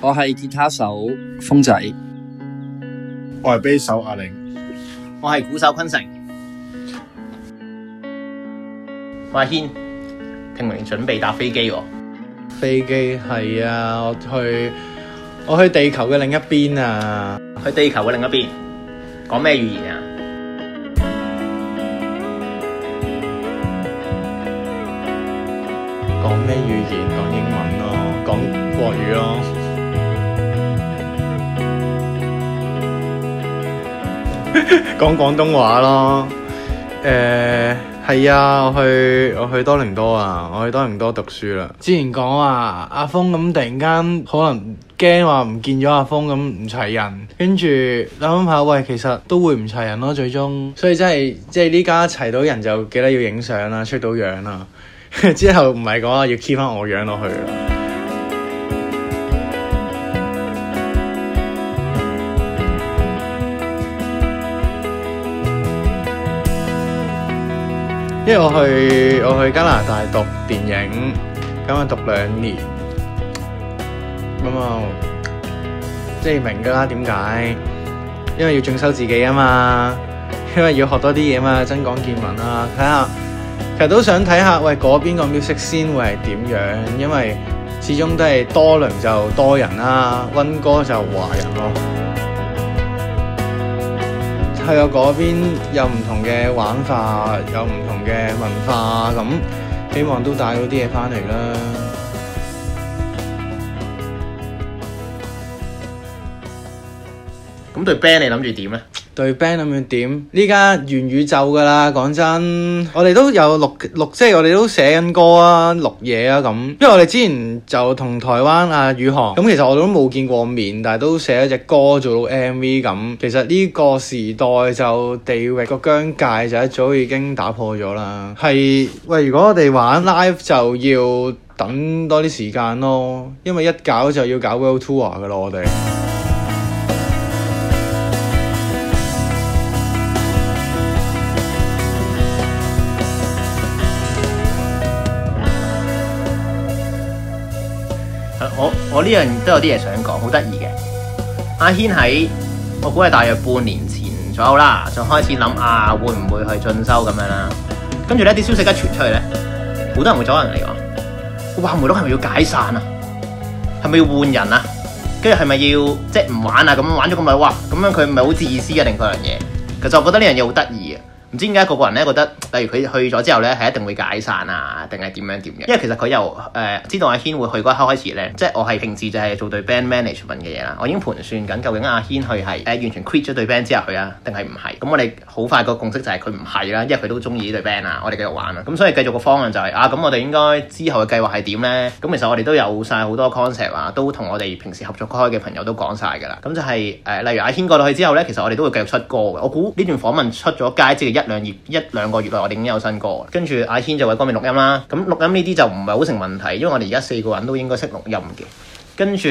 我係吉他手鋒仔，我係貝手阿檸，我係鼓手坤城，阿軒，聽聞準備搭飛機喎？飛機係啊，我去我去地球嘅另一邊啊，去地球嘅另一邊，講咩語言啊？講咩語言？講英文咯，啊，講國語咯，啊。講廣 東話咯，誒係啊，我去我去多倫多啊，我去多倫多，多，多讀書啦。之前講話阿峰咁突然間可能驚話唔見咗阿峰咁唔齊人，跟住諗諗下喂，其實都會唔齊人咯，最終所以真係即係呢家齊到人就記得要影相啦，出到樣啦， 之後唔係講話要 keep 翻我樣落去。因為我去我去加拿大讀電影，咁啊讀兩年咁啊，即係明㗎啦點解？因為要進修自己啊嘛，因為要學多啲嘢嘛，增廣見聞啊！睇下其實都想睇下，喂嗰邊個 music scene 先會係點樣？因為始終都係多倫就多人啦、啊，溫哥就華人咯、啊。係啊，嗰、嗯、邊有唔同嘅玩法，有唔同嘅文化咁，希望都帶到啲嘢翻嚟啦。咁對 band 你諗住點咧？對 band 咁樣點？呢家元宇宙㗎啦，講真，我哋都有錄錄，即係我哋都寫緊歌啊、錄嘢啊咁。因為我哋之前就同台灣阿宇、啊、航咁、嗯，其實我哋都冇見過面，但係都寫咗隻歌做到 MV 咁。其實呢個時代就地域個疆界就一早已經打破咗啦。係喂，如果我哋玩 live 就要等多啲時間咯，因為一搞就要搞 world tour 㗎啦，我哋。我我呢樣都有啲嘢想講，好得意嘅。阿軒喺，我估係大約半年前左右啦，就開始諗啊，會唔會去進修咁樣啦。跟住呢啲消息一傳出去呢，好多人會走人嚟講。哇，梅鹿係咪要解散啊？係咪要換人啊？跟住係咪要即係唔玩啊？咁玩咗咁耐，哇！咁樣佢唔係好自私啊？定嗰樣嘢？其實我覺得呢樣嘢好得意。唔知點解個個人咧覺得，例如佢去咗之後咧，係一定會解散啊，定係點樣點嘅？因為其實佢由誒、呃、知道阿軒會去嗰刻開始咧，即係我係平時就係做對 band management 嘅嘢啦。我已經盤算緊究竟阿軒去係誒、呃、完全 quit 咗對 band 之後去啊，定係唔係？咁我哋好快個共識就係佢唔係啦，因為佢都中意呢對 band 啊。我哋繼續玩啊！咁所以繼續個方案就係、是、啊，咁我哋應該之後嘅計劃係點咧？咁其實我哋都有晒好多 concept 啊，都同我哋平時合作開嘅朋友都講晒㗎啦。咁就係、是、誒、呃，例如阿軒過到去之後咧，其實我哋都會繼續出歌嘅。我估呢段訪問出咗街，星期一。兩月一兩個月內，我哋已經有新歌。跟住阿軒就喺嗰邊錄音啦。咁錄音呢啲就唔係好成問題，因為我哋而家四個人都應該識錄音嘅。跟住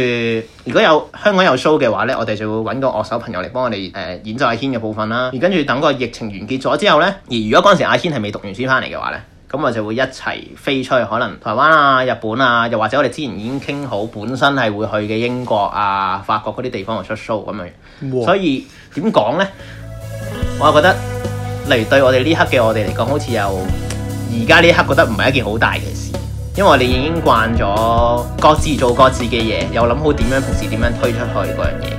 如果有香港有 show 嘅話呢，我哋就會揾個樂手朋友嚟幫我哋誒、呃、演奏阿軒嘅部分啦。而跟住等個疫情完結咗之後呢，而如果嗰陣時阿軒係未讀完書翻嚟嘅話呢，咁我就會一齊飛出去，可能台灣啊、日本啊，又或者我哋之前已經傾好本身係會去嘅英國啊、法國嗰啲地方度出 show 咁樣。哇 所以點講呢？我就覺得。例如對我哋呢刻嘅我哋嚟講，好似又而家呢刻覺得唔係一件好大嘅事，因為我哋已經慣咗各自做各自嘅嘢，又諗好點樣平時點樣推出去嗰樣嘢。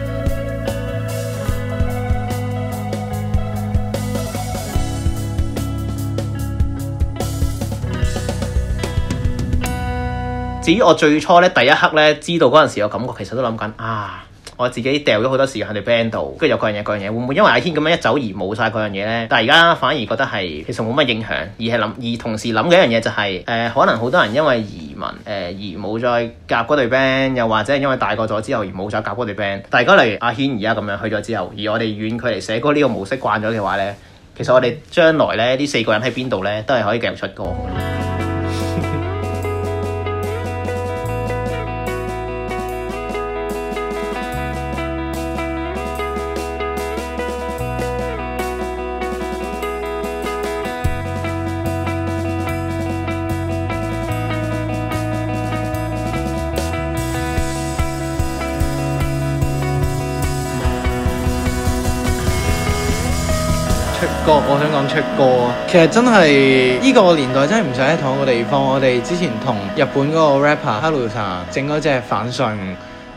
至於我最初呢第一刻呢，知道嗰陣時嘅感覺，其實都諗緊啊～我自己掉咗好多時間喺對 band 度，跟住有各樣嘢，各樣嘢會唔會因為阿軒咁樣一走而冇晒嗰樣嘢呢？但係而家反而覺得係其實冇乜影響，而係諗而同時諗嘅一樣嘢就係、是、誒、呃，可能好多人因為移民誒、呃、而冇再夾嗰對 band，又或者因為大個咗之後而冇再夾嗰對 band。但係，假如阿軒而家咁樣去咗之後，而我哋遠距離寫歌呢個模式慣咗嘅話呢，其實我哋將來咧呢四個人喺邊度呢，都係可以繼續出歌。個我想講出歌啊，其實真係呢個年代真係唔使喺同一個地方。我哋之前同日本嗰個 rapper Hello 沙整嗰隻反上，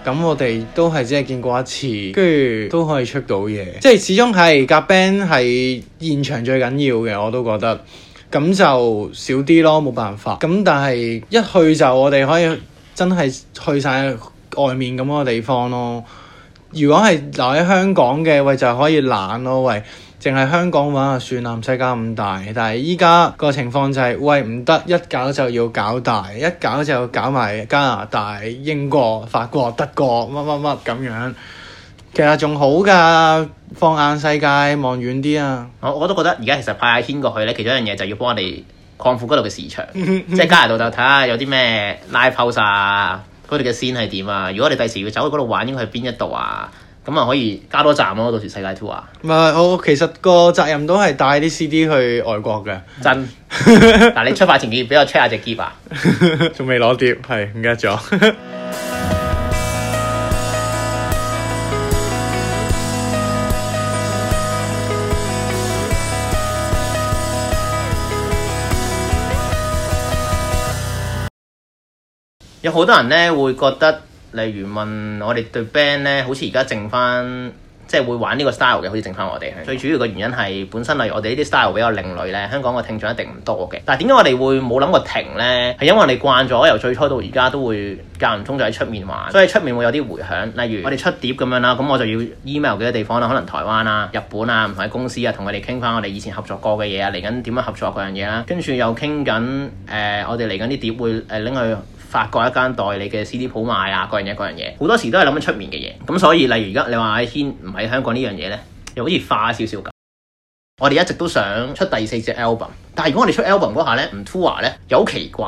咁我哋都係只係見過一次，跟住都可以出到嘢。即係始終係夾 band 係現場最緊要嘅，我都覺得。咁就少啲咯，冇辦法。咁但係一去就我哋可以真係去晒外面咁個地方咯。如果係留喺香港嘅，喂就可以懶咯，喂。淨係香港玩算啦，世界咁大。但係而家個情況就係、是，喂唔得，一搞就要搞大，一搞就搞埋加拿大、英國、法國、德國，乜乜乜咁樣。其實仲好噶，放眼世界，望遠啲啊！我我都覺得而家其實派阿軒過去咧，其中一樣嘢就要幫我哋擴闊嗰度嘅市場， 即係加拿大就睇下有啲咩 live house 啊，佢哋嘅線係點啊！如果你第時要走去嗰度玩，應該去邊一度啊？咁啊，可以加多站咯，啊，到時世界 tour。唔係，我其實個責任都係帶啲 CD 去外國嘅。真的， 但你出發前幾日俾我 check 下隻 keyboard，仲未攞碟，係唔記得咗。記 有好多人呢，會覺得。例如問我哋對 band 咧，好似而家剩返。即係會玩呢個 style 嘅，好似剩翻我哋。最主要嘅原因係本身例如我哋呢啲 style 比較另類呢，香港嘅聽眾一定唔多嘅。但係點解我哋會冇諗過停呢？係因為我哋慣咗，由最初到而家都會間唔中就喺出面玩，所以出面會有啲回響。例如我哋出碟咁樣啦，咁我就要 email 幾多地方啦，可能台灣啊、日本啊唔同嘅公司啊，同佢哋傾翻我哋以前合作過嘅嘢啊，嚟緊點樣合作嗰樣嘢啦，跟住又傾緊誒我哋嚟緊啲碟會誒拎、呃、去法國一間代理嘅 CD 鋪賣啊，嗰樣嘢嗰樣嘢。好多時都係諗緊出面嘅嘢。咁所以例如而家你話阿軒喺香港呢樣嘢呢，又好似化少少咁。 我哋一直都想出第四隻 album，但係如果我哋出 album 嗰下呢，唔 tour 咧，又好奇怪，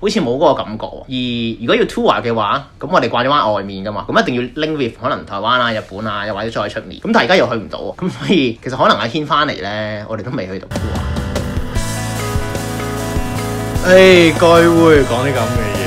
好似冇嗰個感覺。而如果要 tour 嘅話，咁我哋掛咗翻外面噶嘛，咁一定要 link with 可能台灣啊、日本啊，又或者再出面。咁但係而家又去唔到，咁所以其實可能阿軒翻嚟呢，我哋都未去到。誒，該、 哎、會講啲咁嘅嘢。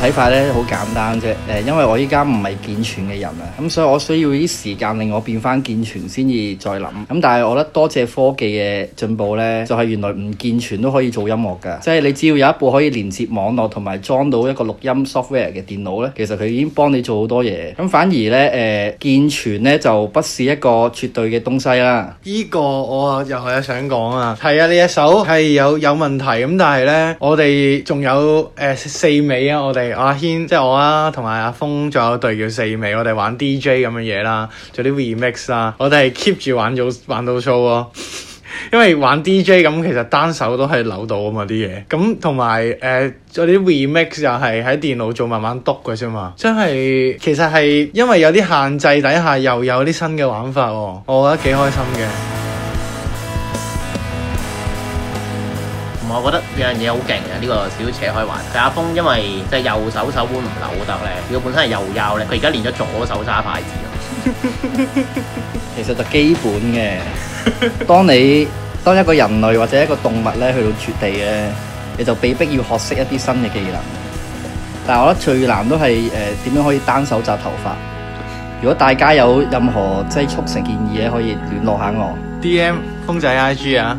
睇法咧好簡單啫，誒因為我依家唔係健全嘅人啊，咁所以我需要啲時間令我變翻健全先至再諗。咁但係我覺得多謝科技嘅進步咧，就係原來唔健全都可以做音樂噶,即係你只要有一部可以連接網絡同埋裝到一個錄音 software 嘅電腦咧，其實佢已經幫你做好多嘢。咁反而咧，誒健全咧就不是一個絕對嘅東西啦。呢個我又係想講啊，係啊，你隻手係有有問題，咁但係咧，我哋仲有誒四尾啊，我哋。啊、軒阿軒即係我啦，同埋阿峰，仲有一隊叫四尾，我哋玩 DJ 咁嘅嘢啦，做啲 remix 啦，我哋 keep 住玩，玩到玩到粗咯， 因為玩 DJ 咁其實單手都係扭到啊嘛啲嘢，咁同埋誒做啲 remix 又係喺電腦做慢慢篤嘅啫嘛，真係其實係因為有啲限制底下又有啲新嘅玩法喎、喔，我覺得幾開心嘅，我覺得。樣嘢好勁嘅，呢個少少扯開話題。阿峰因為即係右手手腕唔扭得咧，佢本身係右撇咧，佢而家練咗左手揸筷子。其實就基本嘅。當你當一個人類或者一個動物咧，去到絕地咧，你就被逼要學識一啲新嘅技能。但係我覺得最難都係誒點樣可以單手紮頭髮。如果大家有任何即係速成建議咧，可以聯絡下我。D M 風仔 I G 啊。